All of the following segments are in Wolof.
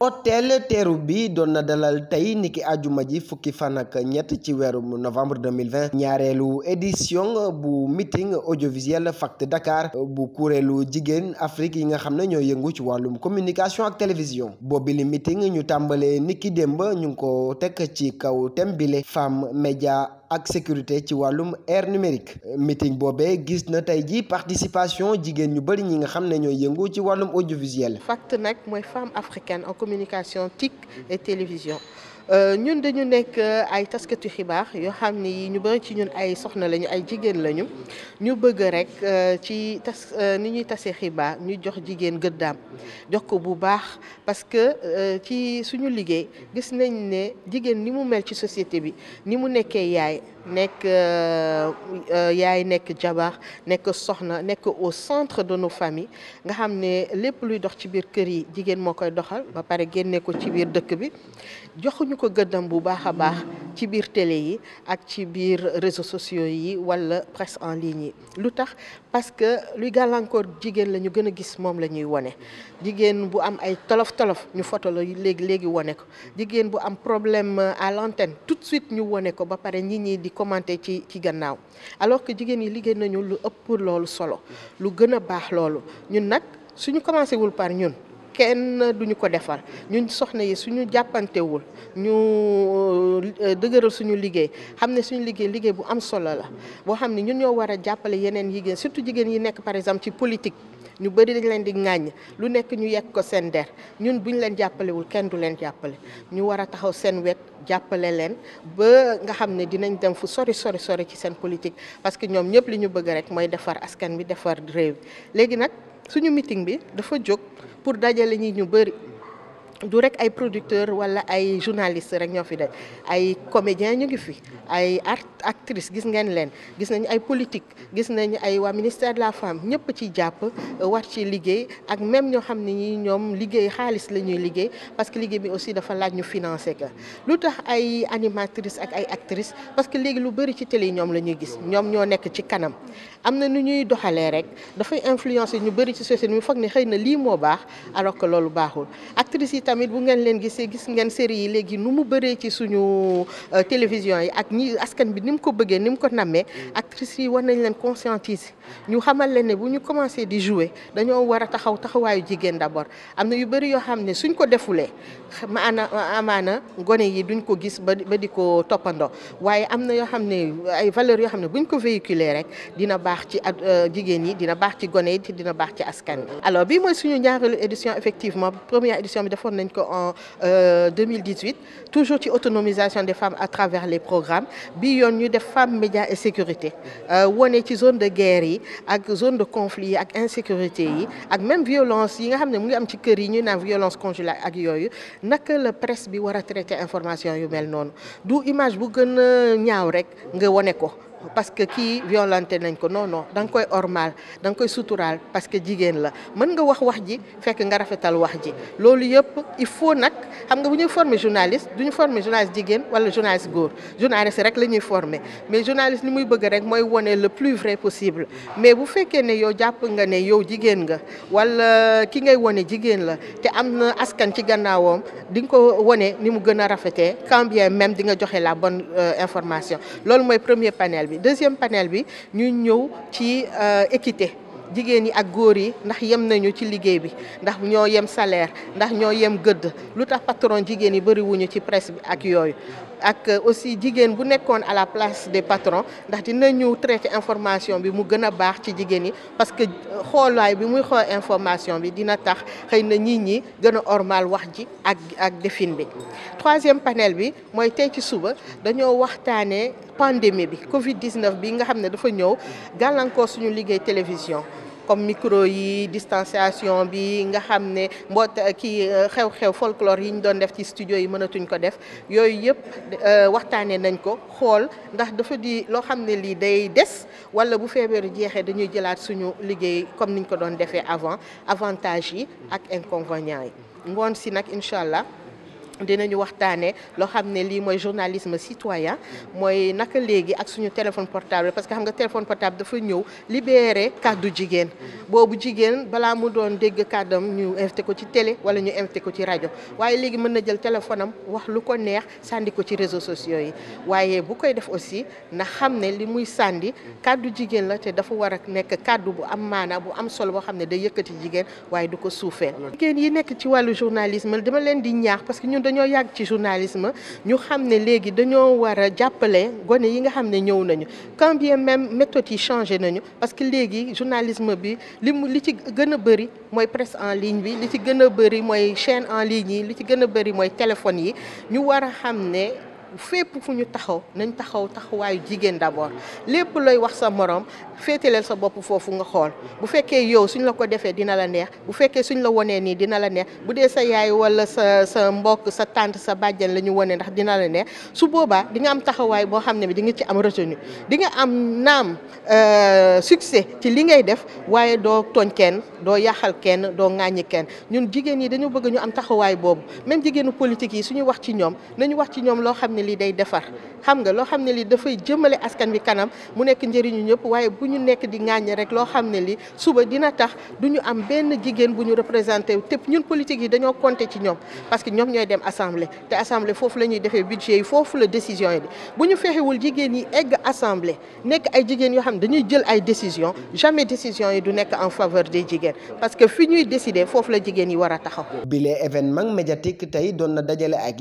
hôtel teeru bi doon na dalal tey niki ajuma ji fukki fan ak ñett ci weeru novembre 2020 ñaareelu édition bu meeting audiovisuel FACT Dakar bu kuréelu jigéen Afrique yi nga xam ne ñoo yëngu ci wàllum communication ak télévision boobi li ñu tàmbalee niki démb ñu ngi ko teg ci kaw thème bile femme média ak sécurité ci wàllum ère numérique meeting boobee gis na tey ji participation jigéen ñu bëri ñi nga xam ne ñooy yëngu ci wàllum audiovisuel. FACT nag mooy femme africaine en communication TIC et télévision. Euh, ñun dañu nekk euh, ay taskatu xibaar yoo xam ni ñu bëri ci ñun ay soxna lañu ay jigéen lañu ñu bëgg rek euh, ci tas ni ñuy tasee xibaar ñu jox jigéen gëddaam jox ko bu baax parce que ci suñu liggéey gis nañ ne jigéen ni mu mel ci société bi ni mu nekkee yaay nekk yaay nekk jabar nekk soxna nekk au centre de nos familles nga xam ne lépp luy dox ci biir kër yi jigéen moo koy doxal ba pare génnee ko ci biir dëkk bi joxuñu ko gëddam bu baax a baax ci biir télé yi ak ci biir réseaux sociaux yi walla presse en ligne yi lu tax parce que luy gàllankoor jigéen la ñu gën a gis moom la ñuy wone jigéen bu am ay tolof tolof ñu photo la léegi léegi wone ko jigéen bu am problème euh, à l'antenne tout de suite ñu wone ko ba pare nit ñi di commenter ci ci gannaaw alors que jigéen yi liggéey nañu lu ëpp loolu solo lu gën a baax loolu ñun nag suñu commencé wul par ñun kenn duñu ko defar ñun soxna yi suñu jàppantewul ñu euh, euh, dëgëral suñu liggéey xam ne suñu liggéey liggéey bu am solo la boo xam ne ñun ñoo war a jàppale yeneen jigéen surtout jigéen yi nekk par exemple ci politique ñu bëri dañ leen di ŋàññ lu nekk ñu yegg ko seen der ñun buñ leen jàppalewul kenn du leen jàppale ñu war a taxaw seen wet jàppale leen ba nga xam ne dinañ dem fu sori sori sori ci seen politique parce que ñoom ñëpp li ñu bëgg rek mooy defar askan bi defar réew léegi nag suñu mitin bi dafa jóg pour dajale ñi ñu bëri du rek ay producteur wala ay journaliste rek ñoo fi de ay comédien ñu ngi fi ay art actrice gis ngeen leen gis nañu ay politique gis nañu ay waa ministère de la femme ñëpp ci jàpp war ci liggéey ak même ñoo xam ne ñi ñoom liggéey xaalis la ñuy liggéey parce que liggéey bi aussi dafa laaj ñu ka lu tax ay animatrice ak ay parce que léegi lu bëri ci télé yi ñoom la ñuy gis ñoom ñoo nekk ci kanam am na nu ñuy doxalee rek dafay influencer ñu bëri ci société mu foog ni xëy na lii moo baax alors que loolu baaxul actrice tamit bu ngeen leen gisee gis ngeen série yi léegi nu mu bëree ci suñu euh, télévision yi ak ñi askan bi ni mu ko bëggee ni mu ko nammee mm. actrices yi war nañ leen conscientiser ñu xamal leen ne bu ñu commencé di jouer dañoo war a taxaw taxawaayu jigéen d'abord am na yu bëri yoo xam ne suñ ko defulee maana amaana gone yi duñ ko gis ba ba di ko toppandoo waaye am na yoo xam ne ay valeurs yoo xam ne buñ ko véhiculer rek dina baax ci euh, jigéen yi dina baax ci gone yi dina baax ci askan bi alors bi mooy suñu nañ ko en 2018 euh, toujours ci autonomisation des femmes à travers les programmes bi yoon ñu def femmes média et sécurité euh, wone ci zone de guerre yi ak zone de conflit yi ak insécurité yi ak même violence yi nga xam ne mu ngi am ci kër yi ñu naan violence conjugale ak yooyu naka la presse bi war a traiter information yu mel noonu du image bu gën a ñaaw rek nga wone ko parce que kii violenté nañ ko non non da nga koy ormal da nga koy sutural parce que jigéen la mën nga wax wax ji fekk nga rafetal wax ji loolu yëpp il faut nag xam nga bu ñuy former journaliste du ñu former journaliste jigéen wala journaliste góor journaliste rek la ñuy former mais journaliste li muy bëgg rek mooy wone le plus vrai possible mais bu fekkee ne yow jàpp nga ne yow jigéen nga wala ki ngay wone jigéen la te am na askan ci gannaawam di nga ko wone ni mu gën a rafetee quand bien même di nga joxe la bonne euh, information loolu mooy premier panel bi deuxième panel bi ñu ñëw ci euh, équité jigéen yi ak góor yi ndax yem nañu ci liggéey bi ndax ñoo yem salaire ndax ñoo yem gëdd lu tax patron jigéen yi bëri ci presse bi ak yooyu ak euh, aussi jigéen bu nekkoon à la place des patrons ndax dina dinañu traité information bi mu gën a baax ci jigéen yi parce que euh, xoolaay bi muy xool information bi dina tax xëy na nit ñi gën a ormal wax ji ak ak defin bi troisième panel bi mooy tey ci suba dañoo waxtaanee pandémie bi Covid 19 bi nga xam ne dafa ñëw gàllankoor suñu liggéey télévision. comme micro yi distanciation bi nga xam ne mboot euh, kii euh, xew-xew folklore yi ñu doon def ci studio yi mënatuñ ko def yooyu yëpp euh, waxtaanee nañ ko xool ndax dafa di loo xam ne lii day des wala bu feebaru jeexee dañuy jëlaat suñu liggéey comme niñ ko doon defee avant avantage yi ak inconvénients yi ngoon si nag incha allah. dinañu waxtaanee loo xam ne lii mooy journalisme citoyen mooy naka léegi ak suñu téléphone portable parce que xam nga téléphone portable dafa ñëw libéré kàddu jigéen. boobu jigéen balaa mu doon dégg kàddam ñu invité ko ci télé wala ñu invité ko ci rajo waaye léegi mën na jël téléphone am wax lu ko neex sàndi ko ci réseaux sociaux yi waaye bu koy def aussi ndax xam ne li muy sànni kàddu jigéen la te dafa war a nekk kàddu bu am maana bu am solo boo xam ne day yëkkati jigéen waaye du ko suufeel dañoo yàgg ci journalisme ñu xam ne léegi dañoo war a jàppale gone yi nga xam ne ñëw nañu quand bien même méthode yi changé nañu parce que léegi journalisme bi li mu li ci gën a bëri mooy presse en ligne bi li ci gën a bëri mooy chaine en ligne yi li ci gën a bëri mooy téléphone yi ñu war a xam ne fépp fu ñu taxaw nañ taxaw taxawaayu jigéen d'abord lépp lay wax sa morom féetaleel sa bopp foofu nga xool bu fekkee yow suñ la ko defee dina la neex bu fekkee suñ la wonee nii dina la neex bu dee sa yaay wala sa sa mbokk sa tànt sa bàjjan la ñu wonee ndax dina la neex su boobaa di nga am taxawaay boo xam ne bi di nga ci am retenu di nga am naam euh, succès ci li ngay def waaye doo tooñ kenn doo yàqal kenn doo ŋàññi kenn ñun jigéen yi dañu bëgg ñu am taxawaay boobu même jigéenu yi suñu wax ci ñoom ne lii day defar xam nga loo xam ne lii dafay jëmale askan bi kanam mu nekk njëriñu ñëpp waaye bu ñu nekk di ŋàññi rek loo xam ne lii suba dina tax du ñu am benn jigéen bu ñu représenté wu tépp ñun politique yi dañoo compté ci ñoom parce que ñoom ñooy dem assemblée te assemblée foofu la ñuy defee budget yi foofu la décision yi bu ñu fexewul jigéen yi egg assemblée nekk ay jigéen yoo xam ne dañuy jël ay décision jamais décision yi du nekk en faveur des jigéen parce que fi ñuy décider foofu la jigéen yi war a taxaw. bile événement médiatique tey doon na dajale ak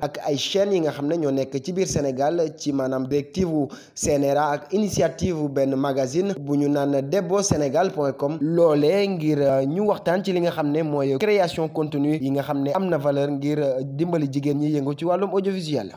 ak yi nga xam ne ñoo nekk ci biir Sénégal ci maanaam directive wu CNRA ak initiative wu benn magazine bu ñu naan debbo sénégal point com loolee ngir euh, ñu waxtaan ci li nga xam ne mooy création contenu yi nga xam ne am na valeur ngir euh, dimbali jigéen ñi yëngu ci wàllum audiovisuel